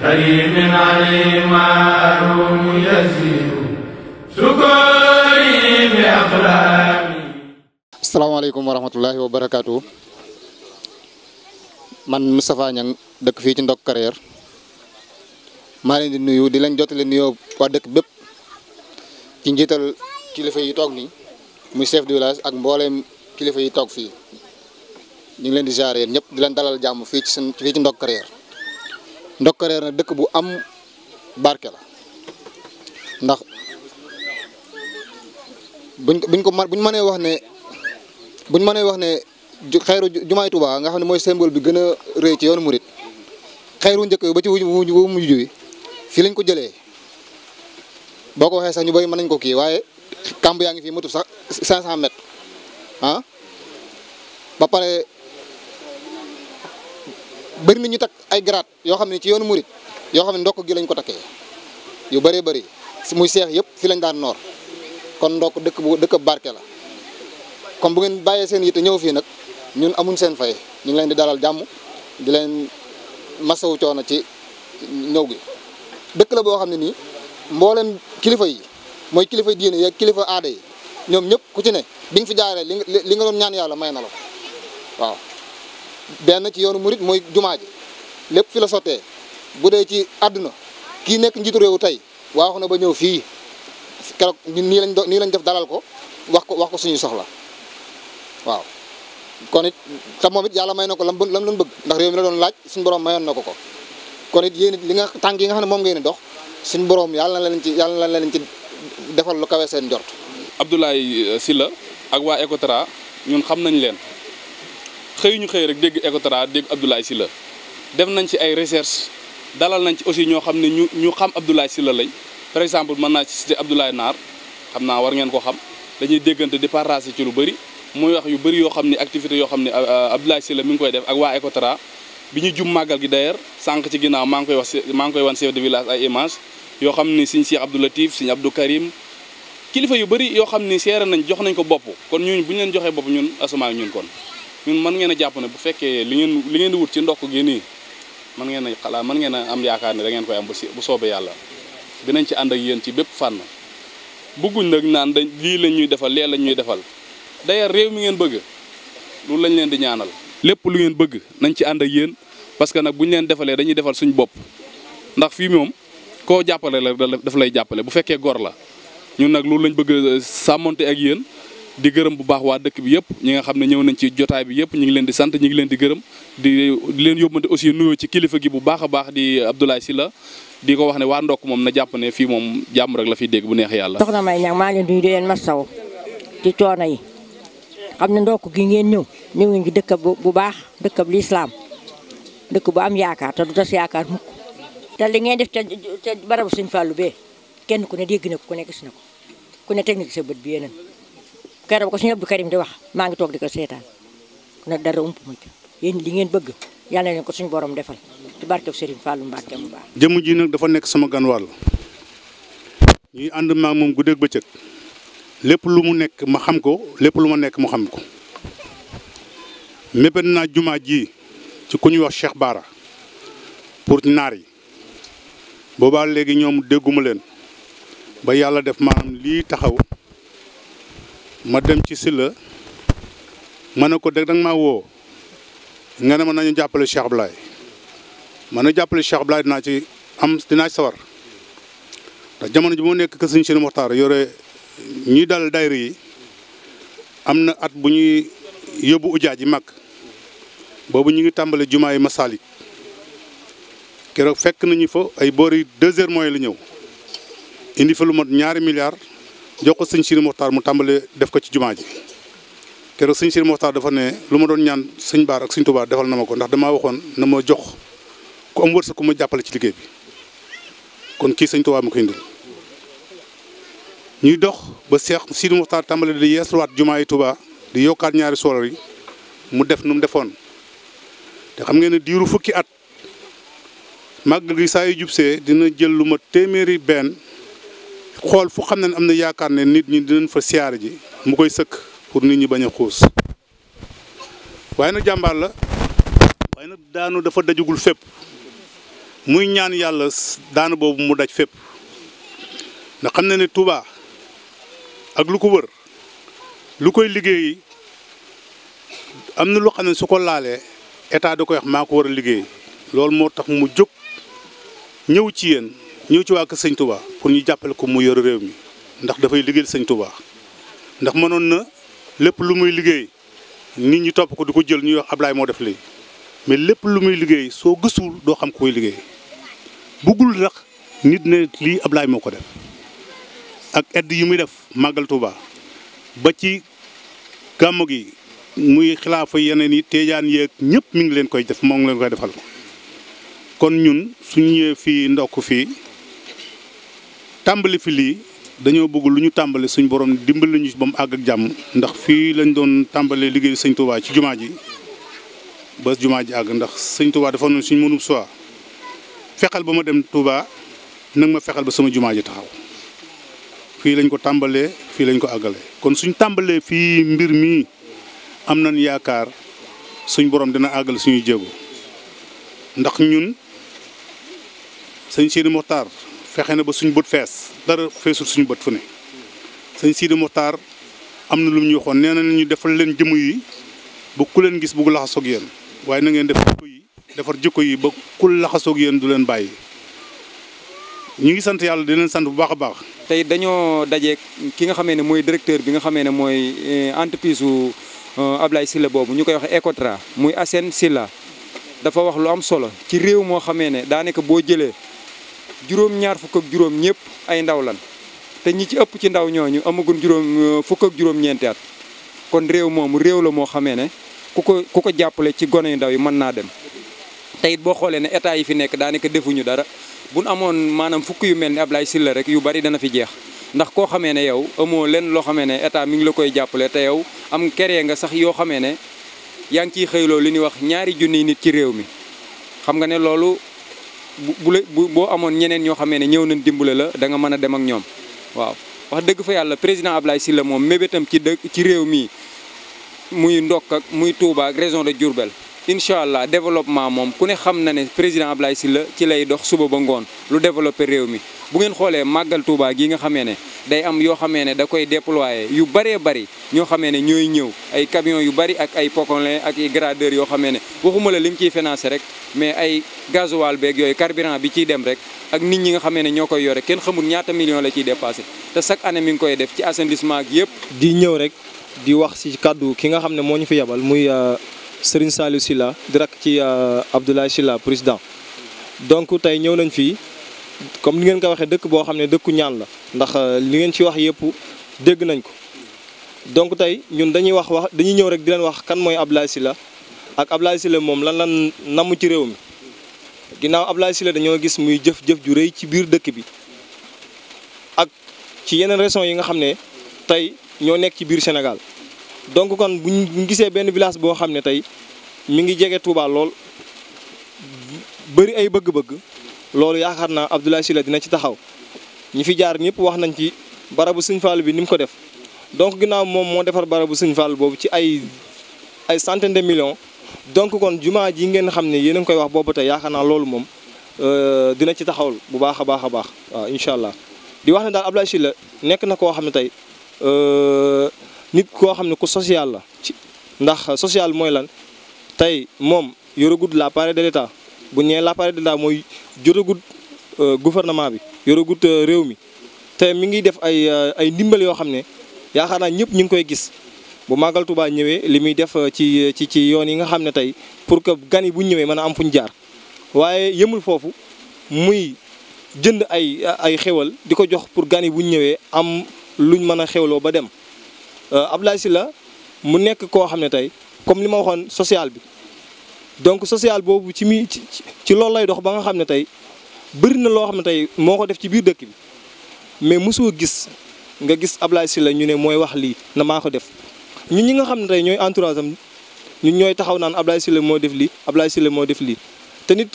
كريم عليم عارم يزيد شكري بأقلامي السلام عليكم ورحمة الله وبركاته man Moustapha Niang dëkk fii ci Ndok Carrière maa leen di nuyu di leen jotale nuyoo waa dëkk bépp ci njiital kilifa yi toog nii muy chef de village ak mbooleem kilifa yi toog fii ñu ngi leen di jaar yéen ñëpp di leen dalal jàmm fii ci seen fii Ndok Carrière Ndokkareer na dëkk bu am barke la ndax buñ buñ ko buñ mënee wax ne buñ mënee wax ne xayru jumaay Tuubaa nga xam ne mooy symbole bi gën a rëy ci yoonu murit xayru njëkk yi ba ci wuñ wu mujj wi fii lañ ko jëlee boo ko waxee sax ñu bëri mën nañ ko kii waaye kàmb yaa ngi fii motu sax 500 mètres ah ba pare. bëri na ñu takk ay grade yoo xam ne ci yoonu murit yoo xam ne ndokk gi lañ ko takkee yu bëree bëri muy seex yëpp si lañ daan noor kon ndokk dëkk bu dëkk barke la comme bu ngeen bàyyee seen yitte ñëw fii nag ñun amuñ seen fay ñu ngi leen di dalal jàmm di leen masawu coono ci ñëw gi dëkk la boo xam ne nii mboolem kilifa yi mooy kilifa diine yeeg kilifa aada yi ñoom ñëpp ku ci ne bi nga fi jaaree li nga doon ñaan yàlla may na la waaw benn ci yoonu murit mooy jumaa ji lépp fi la sottee bu dee ci àdduna kii nekk njiitu réew tey wax na ba ñëw fii keroog ñun nii lañ nii lañ def dalal ko wax ko wax ko suñuy soxla waaw kon it te moom it yàlla may na ko lam lam doon bëgg ndax réew mi la doon laaj suñu borom mayoon na ko ko kon it yéen it li nga tànk yi nga xam ne moom ngeen dox suñu boroom yàlla na leen ci yàlla na leen ci defal lu kawe seen njort. Abdoulaye euh, Sylla ak waa Ecotra ñun xam nañ leen. yu ñu xëy rek dégg Ecotra dégg Abdoulaye Sylla def nañ ci ay recherche dalal nañ ci aussi ñoo xam ne ñu ñu xam Abdoulaye Sylla lañ par exemple mën naa ci cité Abdoulaye Naar xam naa war ngeen ko xam dañuy déggante di partager ci lu bëri muy wax yu bari yoo xam ne activité yoo xam ne euh, euh, Abdoulaye Sylla mi ngi koy def ak waa Ecotra bi ñu jum màggal gi d'ailleurs sànq ci ginnaaw maa ngi koy wax maa ngi koy wan chef de village ay image yoo xam ni siñ Cheikh Abdou Latif siñ Abdou Karim kilifa yu bëri yoo xam ni seere nañ jox nañ ko bopp kon ñun bu leen joxee bopp ñun asamaan ñun kon ñun mën ngeen a jàpp ne bu fekkee li ngeen li ngeen di wut ci ndokk gi nii mën ngeen a xalaat mën ngeen a am yaakaar ne da ngeen koy am bu si bu soobee yàlla dinañ ci ànd ak yéen ci bépp fànn bëgguñ nag naan dañ lii lañ ñuy defal lee lañ ñuy defal d'ailleurs réew mi ngeen bëgg loolu lañ leen di ñaanal lépp lu ngeen bëgg nañ ci ànd ak yéen parce que nag bu ñu leen defalee dañuy defal suñu bopp ndax fii moom koo jàppale la daf lay jàppale bu fekkee gor la ñun nag loolu lañ bëgg euh, sàmmonte ak yéen di gërëm bu baax waa dëkk bi yëpp ñi nga xam ne ñëw nañ ci jotaay bi yëpp ñu ngi leen di sant ñu ngi leen di gërëm di leen yóbbante aussi nuyoo ci kilifa gi bu baax a baax di Abdoulaye Sylla di ko wax ne waa ndokk moom na jàpp ne fii moom jàmm rek la fiy dégg bu neex yàlla. soxna May ñaŋ maa ngi leen di nuyu di leen masaw ci coono yi xam ne ndokk gi ngeen ñëw ñëw ngeen ci dëkk bu baax dëkk bu lislaam dëkk bu am yaakaar te du tas yaakaar mukk te li ngeen def te barabu Sëñ Fallou bee kenn ku ne dégg na ko ku ne gis ko ku ne teg na yeneen keroog ko suñu Abdou Karim di wax maa ngi toog di ko seetaan nag dara ump ma li ngeen bëgg yàlla leen ko suñu borom defal ci barkeb Serigne Fallou Mbacké jëmm ji nag dafa nekk sama gan wàll ñuy ànd maag moom guddeeg bëccëg lépp lu mu nekk ma xam ko lépp lu ma nekk mu xam ko mébét naa jumaa ji ci ku ñuy wax Cheikh baara pour naar yi boobaa léegi ñoom dégguma leen ba yàlla def maanaam lii taxaw. ma dem ci Sylla ma ne ko dëgg danga ma woo nga ne ma nañu jàppale Cheikh Ablaye ma ne jàppale Cheikh Ablaye dinaa ci am dinaa ci sawar ndax jamono ji moo nekk kër Sëñ Sidi Moxtaar yore ñuy dal daayira yi am na at bu ñuy yóbbu ujaaj yi mag boobu ñu ngi tàmbale jumaa yi Masalik keroog fekk nañu fa ay boori deux heures la ñëw indi fa lu mot ñaari milliards jox ko sëñ Sidi Moxtaar mu tàmbalee def ko ci jumaa ji keroog sëñ Sidi Moxtaar dafa ne lu ma doon ñaan sëñ Baar ak sëñ Tuubaa defal na ma ko ndax damaa waxoon na ma jox ku am wërsëg ku ma jàppale ci liggéey bi kon kii sëñ Tuubaa ma koy indil ñuy dox ba Seex Sidi Moxtaar tàmbale di yeesluwaat jumaa yi Tuubaa di yokkaat ñaari solar yi mu def nu mu defoon te xam ngeen ne diiru fukki at màgg gi saa yu jubsee dina jël lu ma téeméeri benn xool fu xam ne am na yaakaar ne nit ñi dinañ fa siyaar ji mu koy sëkk pour nit ñi bañ a xuus waaye nag jàmbaar la waaye nag daanu dafa dajagul fépp muy ñaan yàlla daanu boobu mu daj fépp ndax xam na ne Touba ak lu ko wër lu koy liggéey am na loo xam ne su ko laalee état da koy wax maa ko war a liggéey loolu moo tax mu jóg ñëw ci yéen ñëw ci waa kër sëñ Touba pour ñu jàppale ko mu yor réew mi ndax dafay liggéeyal sëñ Touba ndax mënoon na lépp lu muy liggéey nit ñi topp ko di ko jël ñuy wax ablaay moo def lii mais lépp lu muy liggéey soo gëstuwul doo xam ko koy liggéey buggul ndax nit ne lii Ablaye moo ko def ak aide yu muy def màggal Touba ba ci gàmmu gi muy xilaafa yeneen yi teejaan yeeg ñëpp mu ngi leen koy def moo ngi leen koy defal kon ñun su ñëwee fii ndokk fii. tàmbali fi lii dañoo bëgg lu ñu tàmbali suñ borom dimbali ñu ba mu àgg ak jàmm ndax fii lañ doon tàmbalee liggéey sëñ Touba ci jumaa ji ba jumaa ji àgg ndax sëñ Touba dafa noonu suñ mënub soi fexeel ba ma dem Touba nag ma fexeel ba sama jumaa ji taxaw fii lañ ko tàmbalee fii lañ ko àggalee kon suñ tàmbalee fii mbir mii am na yaakaar suñ boroom dina àggale suñuy jéego ndax ñun sëñ Sidi Mokhtar fexe na ba suñ bët fees dara feesul suñu bët fu ne sëñ Sidi Moxtaar am na lu ñuy waxoon nee na ñu defal leen jëmm yi ba ku leen gis bugg laxasoog yéen waaye na ngeen def jikko yi defar jikko yi ba ku laxasoog yéen du leen bàyyi ñu ngi sant yàlla di sant bu baax a baax. tey dañoo daje ki nga xamee ne mooy directeur bi nga xamee ne mooy eh, entreprise su eh, Ablaye Sylla boobu ñu koy waxee Ecotra muy Assane Sylla dafa wax lu am solo ci réew moo xamee ne daanaka juróom ñaar fukk ak juróom ñëpp ay ndaw lan te ñi ci ëpp ci ndaw ñooñu amagun juróom euh, fukk ak juróom ñeenti at kon réew moomu réew la moo xamee ne ku ko ku ko jàppale ci gone yu ndaw yi mën naa dem te it boo xoolee ne état yi fi nekk daanaka defuñu dara bu amoon maanaam fukk yu mel ni Ablaye Sylla rek yu bari dana fi jeex ndax koo xamee ne yow amoo leen loo xamee ne état mi ngi la koy jàppale te yow am keree nga sax yoo xamee ne yaa ngi ciy xëyloo li ñuy wax ñaari junniy nit ci réew mi xam nga bu la bu boo amoon ñeneen ñoo xamee ne ñëw nañ dimbale la danga mën a dem ak ñoom waaw wax dëgg fa yàlla président Ablaye Sylla moom mébétam ci dëgg ci réew mii muy ndokk ak muy Touba ak région de Diourbel incha allah développement moom ku ne xam na ne président Ablaye Sylla ci lay dox suba ba ngoon lu développé réew mi bu ngeen xoolee màggal Touba gi nga xamee ne day am yoo xamee ne da koy déployer yu bëree bari ñoo xamee ne ñooy ñëw ay camions yu bari ak ay pocolin ak ay gradeurs yoo xamee ne waxuma la lim ciy financé rek mais ay gasoil beeg yooyu carburant bi ciy dem rek ak nit ñi nga xamee ne ñoo koy yore kenn xamul ñaata million la ciy dépassé te chaque année mi ngi koy def ci assainissement ak yëpp. di ñëw rek di wax ci kàddu ki nga xam ne moo ñu fi yabal muy. Euh, Serigne Saliou silla direk rakk ci euh, Abdoulaye Sylla président donc tey ñëw nañ fii comme li ngeen ko waxee dëkk boo xam ne dëkku ñaan la ndax euh, li ngeen ci wax yëpp dégg nañ ko donc tey ñun dañuy wax wax dañuy ñëw rek di leen wax kan mooy Abdoulaye Sylla ak Abdoulaye Sylla moom lan lan namm ci réew mi ginnaaw Abdoulaye Sylla dañoo gis muy jëf-jëf ju rëy ci biir dëkk bi ak ci yeneen raison yi nga xam ne tey ñoo nekk ci biir Sénégal donc kon bu ñu gisee benn village boo xam ne tey mi ngi jege Touba lool bëri ay bëgg-bëgg loolu yaakaar naa Abdoulaye Sylla dina ci taxaw ñi fi jaar ñëpp wax nañ ci barabu Sëñ bi ni mu ko def donc ginnaaw moom moo defar barabu Sëñ boobu ci ay ay centaine de million donc kon jumaa ji ngeen xam ne yéen a ngi koy wax boobu tey yaakaar naa loolu moom euh, dina ci taxawul bu baax a baax a baax waaw incha allah di wax ne daal Abdoulaye Sylla nekk na koo xam ne tey. Euh, nit koo xam ne ku social la ci ndax social mooy lan tey moom yoragut l'appareil de l'État bu ñëwee l'appareil de l'État mooy jotagut euh, gouvernement bi yoragut euh, réew mi te mi ngi def ay euh, ay ndimbal yoo xam ne yaakaar naa ñëpp ñu ngi koy gis bu màggal Tuubaa ñëwee li muy def ci ci ci yoon yi nga xam ne tey pour que gan yi bu ñëwee mën a am fu ñu jaar waaye yëmul foofu muy jënd ay ay xewal di ko jox pour gan yi bu ñëwee am luñ mën a xewloo ba dem Euh, Abdoulaye Sylla mu nekk koo xam ne tey comme li ma waxoon sociale bi donc social boobu ci mi ci loolu lay dox ba nga xam ne tey bëri na loo xam ne tey moo ko def ci biir dëkk bi mais mosoo gis nga gis Abdoulaye Sylla ñu ne mooy wax lii na maa ko def ñun ñi nga xam ne tey ñooy entourage am ñun ñooy taxaw naan Abdoulaye Sylla moo def lii Abdoulaye moo def lii te nit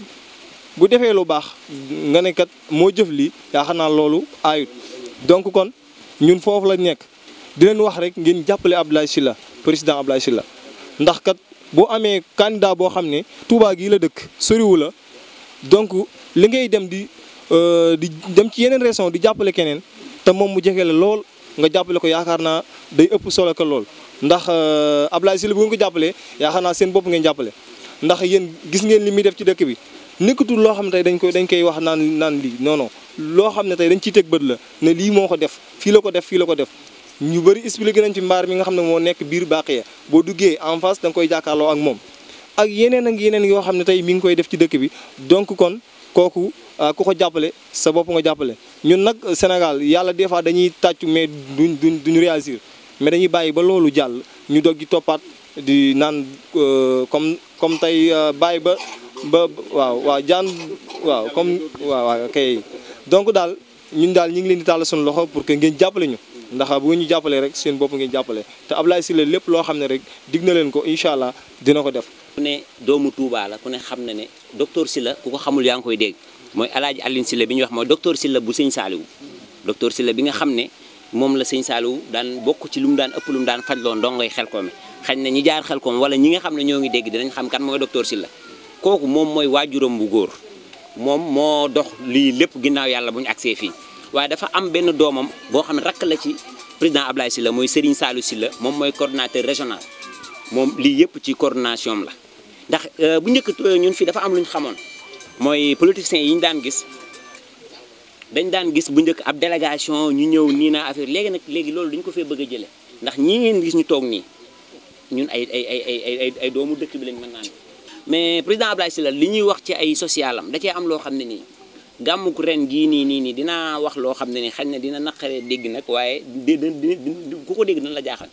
bu defee lu baax nga ne moo jëf lii yaa xam naa loolu aayut donc kon ñun foofu la nekk di leen wax rek ngeen jàppale Abdoulaye Sylla président Abdoulaye Sylla ndax kat boo amee candidat boo xam ne Touba gii la dëkk soriwu la donc li ngay dem di euh, di dem ci yeneen région di jàppale keneen te moom mu jege la lool nga jàppale ko yaakaar naa day ëpp solo ko lool ndax euh, Abdoulaye Sylla bu ngeen ko jàppale yaakaar naa seen bopp ngeen jàppale ndax yéen gis ngeen li muy def ci dëkk bi nekkatul loo xam ne tey dañ koy dañ koy wax naan naan lii non loo xam ne tey dañ ciy teg bët la ne lii moo ko def fii la ko def fii la ko def ñu bëri expliqué nañ ci mbaar mi nga xam ne moo nekk biir ya boo duggee en face da koy jàkkaarloo ak moom ak yeneen ak yeneen yoo xam ne tey mi ngi koy def ci dëkk bi donc kon kooku ah, ku ko jàppale sa bopp nga jàppale ñun nag Sénégal yàlla des fois dañuy tàccu mais duñ duñ duñu réagir mais dañuy bàyyi ba loolu jàll ñu dog di toppaat di naan euh, comme comme tey euh, bàyyi ba ba waaw jaan waaw comme waaw waaw kay donc daal ñun daal ñu ngi leen di tàll suñu loxo pour que ngeen jàppale ñu. ndax bu ñu jàppalee rek seen bopp ngeen jàppale te Ablaye Sylla lépp loo xam ne rek dig na leen ko incha allah dina ko def. ku ne doomu Touba la ku ne xam na ne docteur Sylla ku ko xamul yaa ngi koy dégg mooy El Hadj Alioune Sylla bi ñuy wax mooy docteur Sylla bu sëñ Saaliwu docteur Sylla bi nga xam ne moom la sëñ Saaliwu daan bokk ci lu mu daan ëpp lu mu daan fajloo ndongoy Xelkoom xañ na ñi jaar Xelkoom wala ñi nga xam ne ñoo ngi dégg dinañ xam kan mooy docteur Sylla kooku moom mooy waajuram bu góor moom moo dox lii lépp ginnaaw yàlla bu ñu agsee fii waaye dafa am benn doomam boo xam ne rakk la ci président Ablaye la mooy Serigne si la moom mooy coordonnateur régional moom lii yëpp ci coordination la ndax euh, bu njëkk euh, ñun fii dafa am lu ñu xamoon mooy politiciens yi ñu daan gis dañ daan gis bu njëkk ab délégation ñu ñëw nii naa affaire léegi nag léegi loolu dañu ko fee bëgg a jëlee ndax ñii ngeen gis ñu toog nii ñun ay ay ay ay ay doomu dëkk bi lañ mën naan mais président Ablaye Sylla li ñuy wax ci ay socialam da cee am loo xam ne nii. gàmmuk ren gii nii nii nii dinaa wax loo xam ne ni xañ na dina naqaree dégg nag waaye ku ko dégg na la jaaxal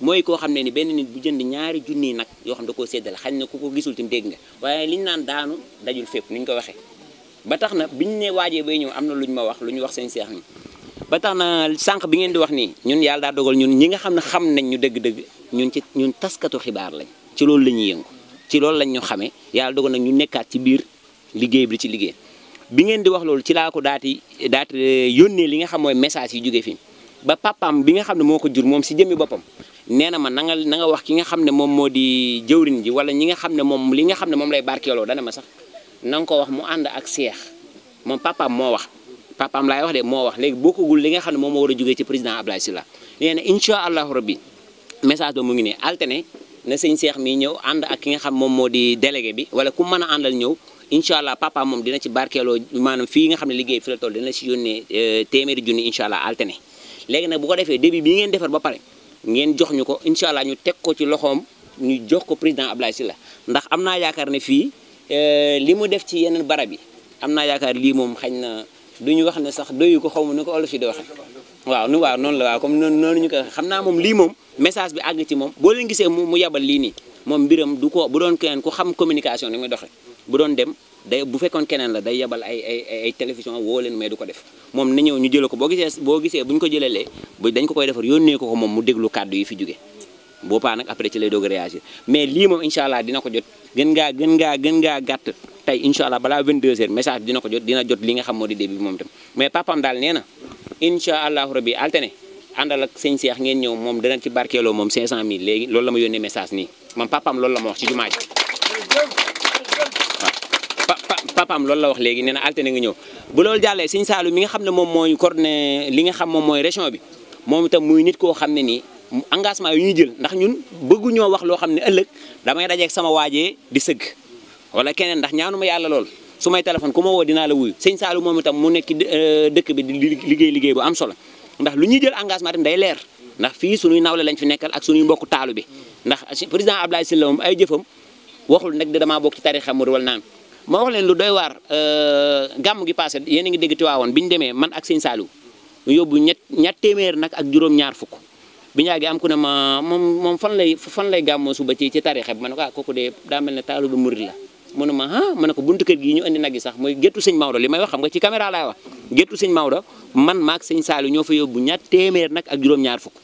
mooy koo xam ne ni benn nit bu jënd ñaari junni nag yoo xam da koo séddale xañ na ku ko gisul tim dégg nga waaye liñ naan daanu dajul fépp ni ñu ko waxee ba tax na biñ ne waajee bay ñëw am na lu ñu ma wax lu ñu wax seen seex ni ba tax na sànq bi ngeen di wax nii ñun yàlla daa dogal ñun ñi nga xam ne xam nañ ñu dëgg-dëgg ñun ci ñun taskatu xibaar lañ ci loolu la ñuy yëngu ci loolu lañ ñu xamee yàlla dogal nag ñu nekkaat ci biir liggéey bi ci liggéey bi ngeen di wax loolu ci laa ko daati daati eh, yónnee li nga xam mooy message yi jógee fi ba papaam bi nga xam ne moo ko jur moom si jëmmi boppam nee na ma na na nga wax ki nga xam ne moom moo di jëwrin ji wala ñi nga xam ne moom li nga xam ne moom lay barkeeloo dana ma sax na ko wax mu ànd ak seex moom papaam moo wax papaam laay wax de moo wax léegi bokkagul li nga xam ne moom moo war a jógee ci président Abdoulaye la nee na incha allahu rabbi message ba mu ngi ne alterné na sëñ seex mi ñëw ànd ak ki nga xam moom moo di délégué bi wala ku mën a àndal ñëw incha allah papa moom dina ci barkeeloo maanaam fii nga xam ne liggéey fi la toll dina ci yónnee euh, téeméeri junni incha allah altene nag bu ko defee début bi ngeen defar ba pare ngeen jox ñu ko incha allah ñu teg ko ci loxoom ñu jox ko président Abdoulaye Sylla ndax am naa yaakaar ne fii euh, li mu def ci yeneen barab yi am naa yaakaar lii moom xañ na du ñu wax ne sax doyu ko xaw ma nu ko olof yi di waxee waaw nu waaw noonu la waaw comme noonu ñu ko xam naa moom lii moom bi àgg ci moom boo leen gisee mu yabal lii nii moom mbiram du ko bu doon keneen ku xam communication ni muy bu doon dem day bu fekkoon keneen la day yebal ay ay ay télévision woo leen mais du ko def moom na ñëw ñu jëlee ko boo gisee boo gisee bu ñu ko jëlelee bu dañ ko koy defar yónnee ko ko moom mu déglu kàddu yi fi jóge boobaa nag après ci lay doog a réagir mais lii moom incha allah dina ko jot gën ngaa gën gaa gën ngaa gàtt tey incha allah balaa 22h message dina ko jot dina jot li nga xam moo di début moom tam mais papam daal nee na incha allahu rabi altene àndal ak sëñ Seex ma yónnee message nii ma wax papaam loolu la wax léegi nee na altine nga ñëw bu loolu jàllee Sëñ Saalu mi nga xam ne moom mooy coordonné li nga xam moom mooy région bi moom itam muy nit koo xam ne nii engagement yu ñuy jël ndax ñun bëggu wax loo xam ne ëllëg damay dajeeg sama waajee di sëgg wala keneen ñaanu ma yàlla lool su may téléphone ku ma woo dinaa la Sëñ Saalu moom itam mu nekk euh, dëkk bi di liggéey liggéey bu am solo ndax lu ñuy jël engagement tam day leer ndax fii suñuy nawle lañ fi nekkal ak suñuy mbokku taalu bi ndax président Abdoulaye Sylla moom ay jëfam waxul nag di damaa bokk ci tarixa murid wala naan ma wax leen lu doy waar euh, gàmm gi passé yéen a ngi dégg Tiwaawoon bi ñu demee man ak sëñ Saliou ñu yóbbu ñett ñett téeméer nag ak juróom-ñaar fukk bi gi am ku ne ma moom moom fan lay fan lay gàmmoo suba ci ci tariixa bi ma ne ko ah de daa mel ne taalu bi la mu ne ma ah, ko buntu kër gii ñu andi nag yi sax mooy géttu sëñ Maodo li may xam nga ci caméra laay wax géttu sëñ man maak sëñ Saliou ñoo fa yóbbu ñett téeméer nag ak juróom-ñaar fukk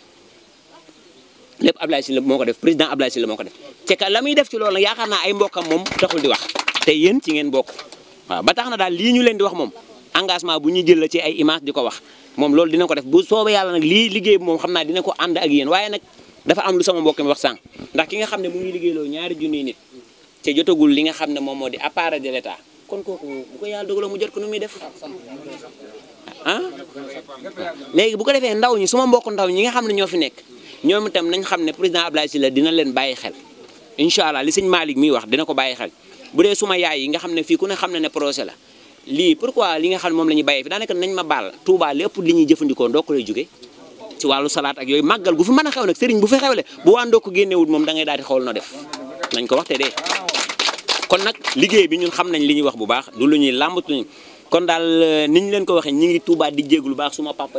lépp Ablaye Sylla moo moo ko def te ka la muy def ci loolu nag yaakaar naa ay mbokkam moom taxul di wax te yéen ci ngeen bokk waaw ba tax na daal lii ñu leen di wax moom engagement bu ñu jël la ci ay image di ko wax moom loolu dina ko def bu soobee yàlla nag lii liggéey bi moom xam naa dina ko ànd ak yéen waaye nag dafa am lu sama mbokk mi wax sànq ndax ki nga xam ne mu ngi liggéeyloo ñaari junniy nit te jotagul li nga xam ne moom moo di appareil de l'État kon kooku bu ko yàlla mu jot ko nu muy def ah ko defee ndaw ñi suma mbokk ndaw ñi nga xam ne ñoo fi nekk ñoom itam nañ xam ne président Abdoulaye Sylla dina leen bàyyi xel incha allah li sëñ Malick miy wax dina ko bàyyi xel bu dee suma yaay yi nga xam ne fii ku ne xam na ne projet la lii pourquoi li nga xam ne moom la bayee bàyyee fi daanaka nañ ma baal Touba lépp li ñuy jëfandikoo ndokk lay jóge ci wàllu salaat ak yooyu màggal gu fi mën a xew nag sëriñ bu fi xewle bu waa ndokk génnewul moom da ngay daal di xool no def nañ ko waxte dee kon nag liggéey bi ñun xam nañ li ñuy wax bu baax du lu ñuy làmbatuñ kon daal euh, ni ñu leen ko waxee ñi ngi Touba di jéeglu baax suma papa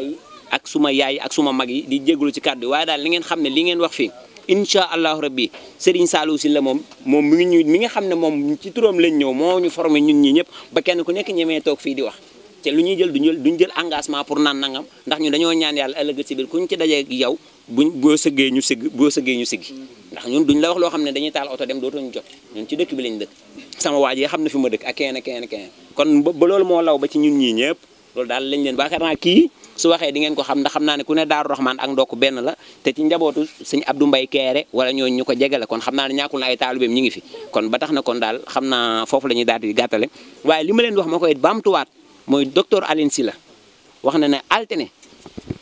ak suma yaay ak suma mag yi di jéeglu ci kàddu waaye daal li ngeen xam ne li wax fii incha allahu rabbi Serigne Saliou Sylla la moom moom mi ngi ñu mi nga xam ne moom ci turam lañ ñëw moo ñu formé ñun ñi ñëpp ba kenn ku nekk ñemee toog fii di wax te lu ñuy jël duñ jël duñ jël engagement pour naan nangam ndax ñu dañoo ñaan yàlla ëllëg si biir kuñ ci dajee ak yow buñ boo sëggee ñu sigg boo sëggee ñu siggi ndax ñu duñ la wax loo xam ne dañuy taal oto dem dootuñu jot ñun ci dëkk bi lañ dëkk sama waajee xam na fi ma dëkk ak keneen ak keneen ak keneen kon ba loolu moo loolu daal lañ leen baakaar naa kii su waxee di ko xam ndax xam naa ne ku ne Daaru Raxmaan ak ndokk benn la te ci njabootu sëñ Abdou Mbaye Keere wala ñooñu ñu ko jegale kon xam naa ne ñàkkul na ay taalibeem ñi ngi fi kon ba tax na kon daal xam naa foofu la ñuy daal di gàttale waaye li ma leen wax ma koy baamtuwaat mooy alin si la wax na ne altine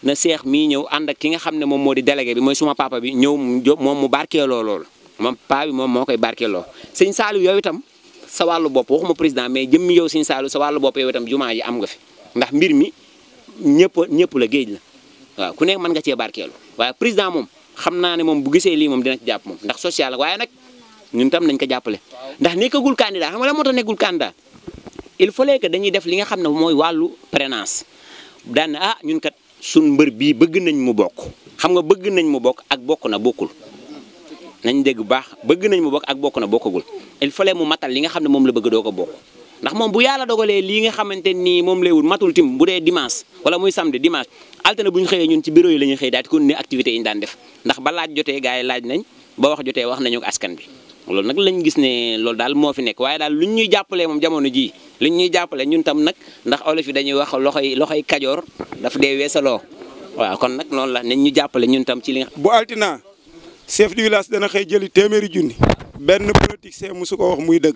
na seex mii ñëw ànd ak ki nga xam ne moom moo di délégué bi mooy suma paapa bi ñëw moom mu barkeeloo loolu moom paa bi moom moo koy barkeeloo sëñ Saliou yow itam sa wàllu bopp waxuma président mais jëmmi yow sëñ Saliou sa bopp yow jumaa ji am nga fi ndax mbir mi ñëpp ñëpp la géej la waaw ku nekk mën nga cee barkeelu waaye président moom xam naa ne moom bu gisee lii moom dina ci jàpp moom ndax social la waaye nag ñun tam nañ ko jàppale ndax nekkagul kaani xam nga la moo tax nekkul candidat il fallait que dañuy def li nga xam ne mooy wàllu prénance daan ah ñun kat mbër bii bëgg nañ mu bokk xam nga bëgg nañ mu bokk ak bokk na bokkul nañ dégg baax bëgg nañ mu bokk ak bokk na bokkagul il mu matal li nga xam ne moom la bëgg doo ko bokk ndax moom bu yàlla dogalee lii nga xamante ni moom lay wut matul tim bu dee dimanche wala muy samedi dimanche altine bu ñu xëyee ñun ci bureau yi la xëy daal di continuer activités yi ñu daan def ndax jotee gars yi laaj nañ ba wax jotee wax nañu askan bi loolu nag lañ gis ne loolu daal moo fi nekk waaye daal luñ ñuy jàppalee moom jamono jii ñuy jàppale ñun tam nag ndax olof yi dañuy wax loxoy loxoy kajoor daf dee weesaloo waaw kon nag noonu la nañ ñu jàppale ñun tam ci li nga bu altina chef du village dana xëy jëli téeméeri junni benn politique see musu ko wax muy dëgg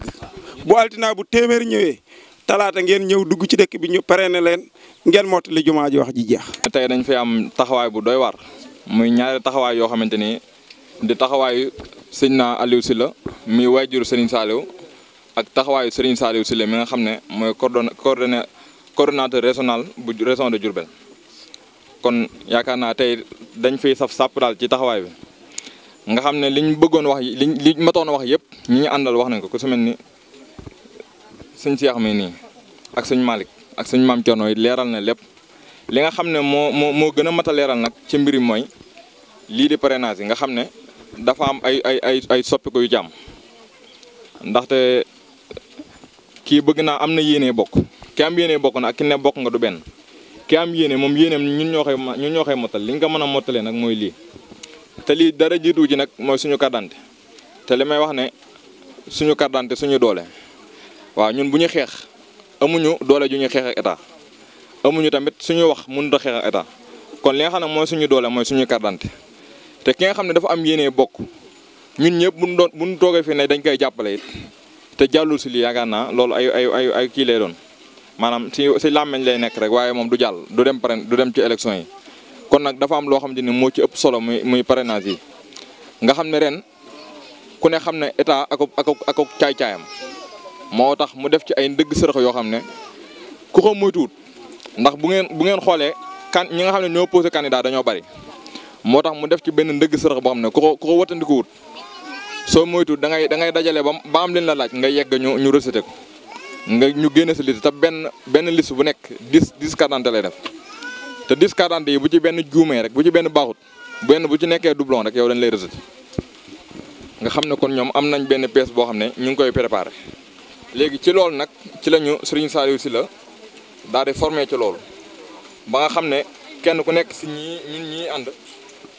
bu altinaa bu téeméer ñëwee talaata ngeen ñëw dugg ci dëkk bi ñu paree ne leen ngeen mottali jumaa ji wax ji jeex. tey dañ fi am taxawaay bu doy waar muy ñaari taxawaay yoo xamante ni di taxawaayu sëñ naa Aliou la muy waajur Serigne Saliou ak taxawaayu Serigne Saliou Sylla mi nga xam ne mooy coordonné coordonné coordonnateur régional bu région de Diourbel kon yaakaar naa tey dañ fiy saf sàpp daal ci taxawaay bi nga xam ne liñ bëggoon wax liñ liñ matoon a wax yëpp ñi ñu àndal wax nañ ko ku su mel sëñ Cheikh mi nii ak sëñ Malick ak sëñ maam Thierno leeral na lépp li nga xam ne moo moo gën a mat a leeral nag ci mbir mi mooy lii di parrainage yi nga xam ne dafa am ay ay ay soppiku yu jàmm ndaxte kii bëgg naa am na yéene bokk ki am yéene bokk na ak ki ne bokk nga du benn ki am yéene moom yéeneem ñun ñoo koy ñun ñoo koy motal li nga ko mën a motalee nag mooy lii te lii dara jiitu ji nag mooy suñu carte te li may wax ne suñu carte d'identité suñu doole. waaw ñun bu ñu xeex amuñu doole ju ñuy xeexak ak amuñu tamit suñu wax mun a xeex ak état kon li nga xam ne mooy suñu doole mooy suñu carte d'identité te ki nga xam ne dafa am yéene bokk ñun ñëpp buñ doon buñ toogee fii ne dañ koy jàppale te jàllul si lii yaakaar loolu ay ay ay kii lay doon maanaam si si làmmeñ lay nekk rek waaye moom du jàll du dem paren du dem ci élection yi kon nag dafa am loo xam ne moo ci ëpp solo muy muy parrainage yi nga xam ne ren ku ne xam ne état ak ak ak caay-caayam moo tax mu def ci ay ndëgg sërëx yoo xam ne ku ko moytuwut ndax bu ngeen bu ngeen xoolee kan ñi nga xam ne ñoo posé candidat dañoo bari moo tax mu def ci benn ndëgg sërëx boo xam ne ku ko ku ko watandikuwut soo moytuwut da ngay da ba ba am leen la laaj nga yegg ñu ñu rejeté ko nga ñu génne sa liste te benn benn liste bu nekk dix dix carte d'identité lay te dix carte bu ci benn juumee rek bu ci benn baaxut benn bu ci nekkee doublon rek yow dañ lay rejeté nga xam ne kon ñoom am nañ benn pièce boo xam ne ñu ngi koy préparer léegi ci loolu nag ci lañu ñu Serigne si la daal di formé ci loolu ba nga xam ne kenn ku nekk si ñi ñun ñii ànd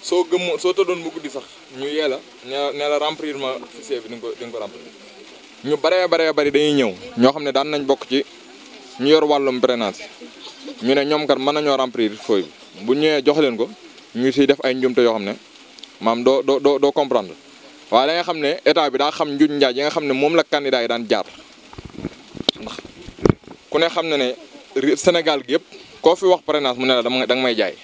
soo gëmm soo tëddoon bu guddi sax ñu yee la ne la remplir ma fichier bi di ko di nga ko remplir ñu baree baree bari dañuy ñëw ñoo xam ne daan nañ bokk ci ñu yor wàllum parrainage ñu ne ñoom kat mën nañoo remplir feuille bi bu ñëwee jox leen ko ñu siy def ay njumte yoo xam ne maam doo doo doo comprendre waaye da nga xam ne état bi daa xam njuñ njaaj yi nga xam ne moom la candidat yi daan jaar. ndax ku ne xam na ne Sénégal gi yëpp koo fi wax parrainage mu ne la dama danga may jaay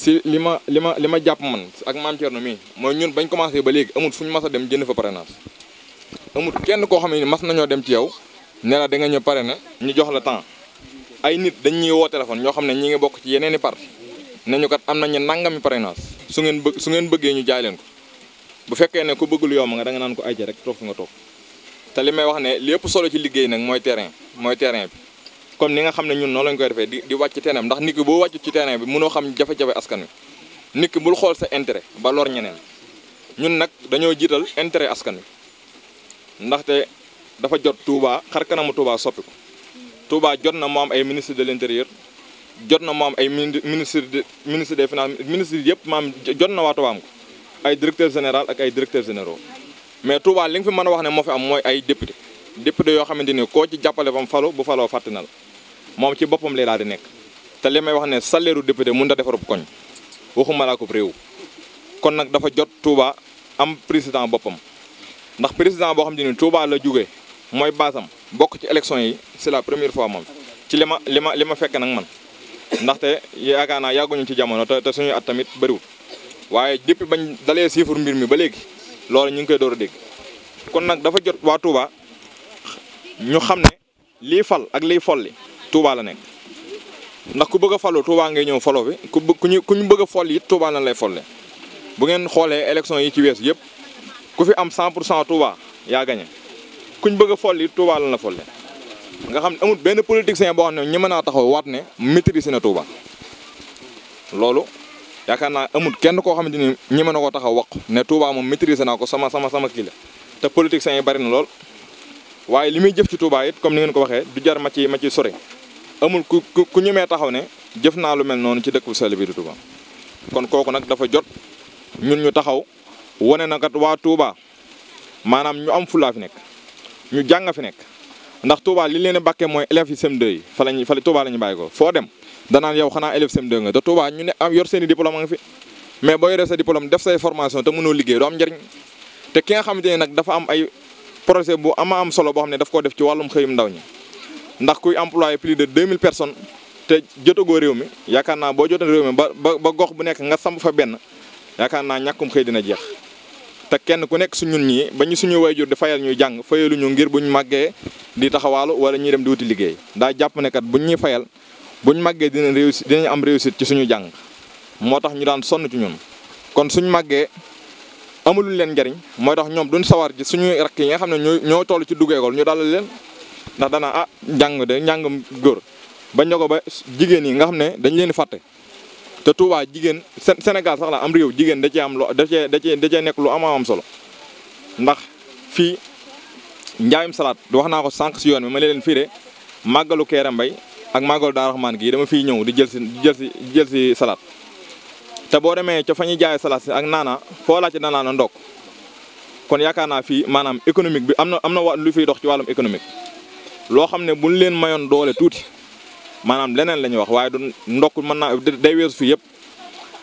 si li ma li ma li ma jàpp man ak maam Thierno mii mooy ñun bañ commencé ba léegi amul fu ñu mas a dem jënd fa parrainage amul kenn koo xam ne mas nañoo dem ci yow ne la da nga ñu pare na ñu jox la temps ay nit dañ ñuy woo téléphone ñoo xam ne ñi ngi bokk ci yeneeni parti nañu kat am nañu nangami parrainage su ngeen bëgg su ngeen bëggee ñu jaay leen ko bu fekkee ne ku bëggul yomb nga da nga naan ko ayca rek toog fi toog te li may wax ne li ëpp solo ci liggéey nag mooy terrain mooy terrain bi comme ni nga xam ne ñun noonu lañ koy defee di di wàcc ci terrain bi ndax nit ki boo wàccut ci terrain bi mënoo xam jafe-jafe askan wi nit ki bul xool sa intérêt ba lor ñeneen ñun nag dañoo jiital intérêt askan wi ndaxte dafa jot Touba na kanamu Touba soppi ko Touba jot na mu am ay ministre de l'intérieur jot na mu am ay ministre de ministre des finances ministre yëpp maam jot na waa am ko ay directeur général ak ay directeur généraux mais Touba li nga fi mën a wax ne moo fi am mooy ay député député yoo xamante ni koo ci jàppale bam falu bu faloo fàtte na la moom ci boppam lay daal di nekk te li may wax ne salaire u député mënut a defarub koñ waxuma laa ko réew kon nag dafa jot Touba am président boppam ndax président boo xam ne ni Touba la jógee mooy baasam bokk ci élection yi c'est la première fois moom ci li ma li ma li ma fekk nag man ndaxte yaakaar naa yàgguñu ci jamono te te suñuy at tamit bëriwul waaye depuis bañ dalee siifur mbir mi ba léegi loolu ñu ngi koy door a dégg kon nag dafa jot waa tuuba ñu xam ne lii fal ak lii folli Touba la nekk ndax ku bëgg a falu Touba ngay ñëw falo bi ku ñu ku ñu bëgg a folli it Touba lan lay folle bu ngeen xoolee élection yi ci weesu yëpp ku fi am 100 pour Touba yaa gañe kuñ bëgg a folli it Touba lan la folle nga xam ne amut benn politicien boo xam ne ñi mën naa taxaw waat ne maîtrise na Touba loolu. yaakaar naa amul kenn koo xamante ni ñi mën na koo taxaw wax ne Touba moom maîtriser naa ko sama sama sama kii la te politiciens yi bari na lool waaye li muy jëf ci Touba it comme ni ngeen ko waxee du jar ma ci ma ci amul ku ku ñemee taxaw ne jëf naa lu mel noonu ci dëkk bu sell bi kon kooku nag dafa jot ñun ñu taxaw wane na kat waa Touba maanaam ñu am fulaa fi nekk ñu jànga fi nekk ndax Touba li leen a bàkkee mooy élèves yi CM2 yi fa la ñu bàyyi ko foo dem danaan yow xanaa élève CM2 nga te Touba ñu ne am yor seen i diplôme nga fi mais boo yoree sa diplôme def say formation te mënoo liggéey doo am njëriñ te ki nga xamante ne nag dafa am ay projet bu ama am solo boo xam ne daf koo def ci wàllum xëyum ndaw ñi ndax kuy employé plus de mille personnes te jotagoo réew mi yaakaar naa boo jotoon réew mi ba ba gox bu nekk nga samp fa benn yaakaar naa ñàkkum xëy dina jeex te kenn ku nekk su ñun ñii ba ñu suñu wayjur di fayal ñuy jàng fayaluñu ngir buñ màggee di taxawaalu wala ñuy dem di wuti liggéey daa jàpp ne kat ñuy fayal buñ màggee dinañ réussir dinañ am réussite ci suñu jàng moo tax ñu daan sonn ci ñun kon suñu màggee amuluñ leen njariñ mooy tax ñoom duñ sawar ci suñu rakk yi nga xam ne ñoo ñoo toll ci duggeekool ñu dalal leen ndax dana ah njàng de njàngam góor bañ na ko ba jigéen yi nga xam ne dañ leen di fàtte te Touba jigéen Sénégal sax la am réew jigéen da cee am lu da cee da nekk lu am am solo ndax fii njaayum salaat wax naa ko sànq si yoon bi ma leen fiire de màggalu Kéré Mbaye ak màggal Daaru Rahmaan gii dama fiy ñëw di jël si di si di salaat te boo demee ca fa ñuy jaay salaat si ak naana foo laajte danaa na ndokk kon yaakaar naa fi maanaam économique bi am na am na wa lu fiy dox ci wàllum économique loo xam ne buñ leen mayoon doole tuuti maanaam leneen la ñuy wax waaye du ndokk mën naa day weesu fii yëpp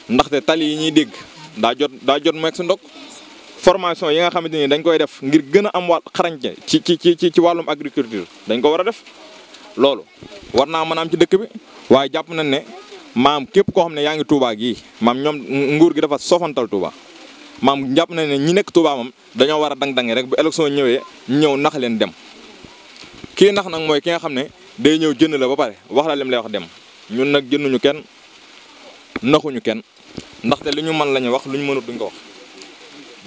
ndaxte tali yi ñuy dégg daa jot daa jot mu egg si ndokk formation yi nga xamante ni dañ koy def ngir gën a am xarañ xarañte ci ci ci ci wàllum agriculture dañ ko war a def loolu war naa mën a ci dëkk bi waaye jàpp nañ ne maam képp koo xam ne yaa ngi tuubaa gii maam ñoom nguur gi dafa sofantal Touba maam jàpp nañ ne ñi nekk Touba moom dañoo war a dang-dange rek bu élection ñëwee ñëw nax leen dem kii nax nag mooy ki nga xam ne day ñëw jënd la ba pare wax la lim lay wax dem ñun nag jënduñu kenn naxuñu kenn ndaxte li ñu mën la ñu wax lu ñu mënut duñ ko wax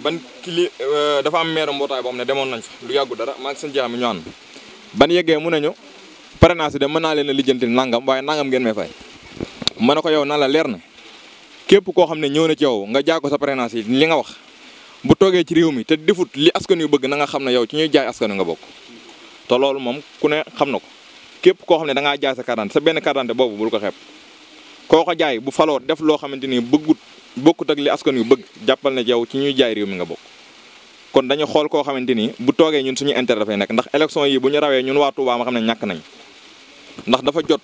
ban kili euh, dafa am meeru mbootaay boo xam ne demoon nañ fa lu yàggu dara maa seen jeexam ñu ànd ban yeggee mu nañu parrainage bi de mën naa leen a lijjanti nangam waaye nangam ngeen may fay ma ne ko yow nan la leer na képp koo xam ne ñëw na ci yow nga jaay ko sa parrainage yi li nga wax bu toogee ci réew mi te defut li askan yu bëgg na nga xam ne yow ci ñuy jaay askan nga bokk te loolu moom ku ne xam na ko képp koo xam ne da ngaa sa carte sa benn carte boobu bul ko xeeb koo ko jaay bu faloo def loo xamante ni bëggut bokkut ak li askan yu bëgg jàppal ne yow ci ñuy jaay réew mi nga bokk kon dañu xool koo xamante ni bu toogee ñun suñu intérêt dafay nekk ndax élection yi bu ñu rawee ñun waa Touba ma xam ne ñàkk nañ ndax dafa jot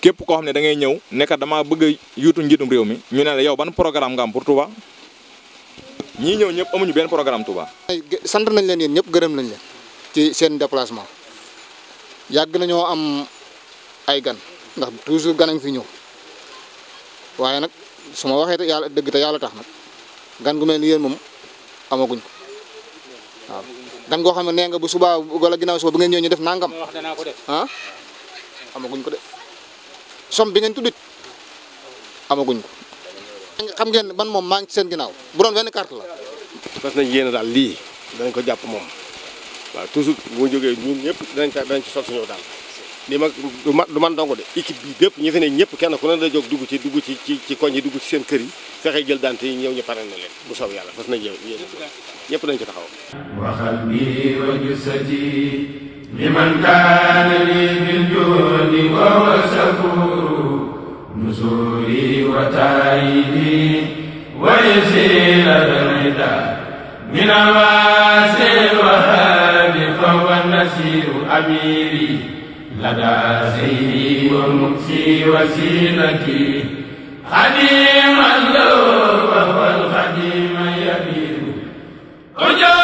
képp koo xam ne da ngay ñëw nekk damaa bëgg a yuutu njiitum réew mi ñu ne la ba ban programme nga am pour Touba ñii ñëw ñëpp amuñu benn programme Touba. sant nañ leen yéen ñëpp gërëm nañ leen ci seen déplacement yàgg nañoo am ay gan ndax toujours gan a fi ñëw waaye nag su waxee te yàlla dëgg te yàlla tax nag gan gu mel ni yéen moom amaguñ ko waaw gan goo xam ne nee nga bu subaa wala ginnaaw suba bu ngeen ñëw ñu def nangam ah. a amaguñ ko de somme bi ngeen tuddit amaguñ ko. xam ngeen man moom maa ngi seen ginnaaw bu doon benn carte la. na nañ yéene daal lii danañ ko jàpp moom waa toujours bu jógee ñun ñëpp danañ ko danañ ci sol suñu daal. li mag du man du man dong de équipe bi bépp ñu fi ñëpp kenn ku ne da jóg dugg ci dugg ci ci ci koñ yi dugg ci seen kër yi fexe jël dante yi ñëw ñu pare na leen bu soob yàlla fas na yéen ñëpp dañ ci taxaw waxal bi waju sati لمن كان لي بالجود وهو شكور نسوري وتايدي ويسيل الردى من الواسع الوهاب فهو النسير أميري لدى سيدي ومكسي وسيلتي خديما له وهو الخديم يبير أجل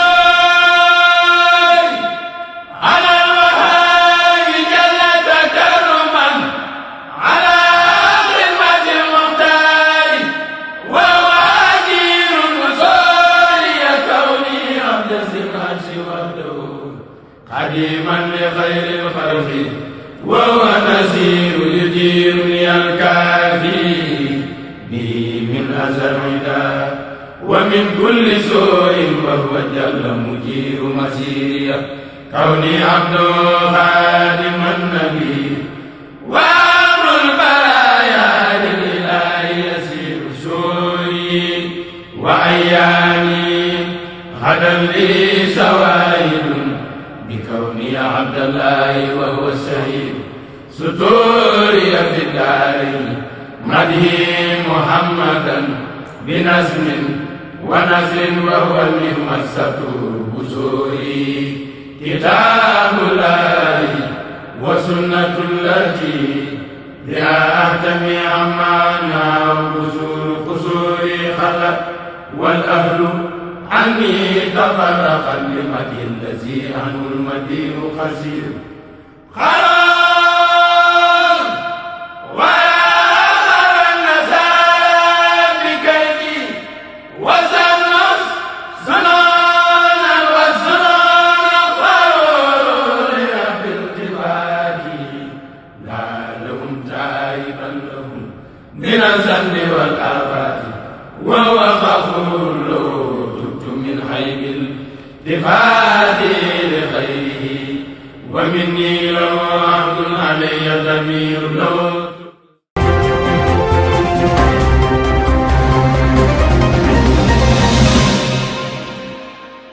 قديما لخير الخلق وهو نسير يديرني الكافي به من أزل عدا ومن كل سوء وهو جل مجير مسيري كوني عبد خادم النبي وامر البرايا للإله يسير سوري وأيامي غدا لي سواري عبد الله وهو الشهيد ستوري في الدارين مدهي محمدا بنزم ونزل وهو المهمسة بسوري كتاب الله وسنة التي بها أهتمي عما عني تفرقا لمدين الذي عنه المدين خسير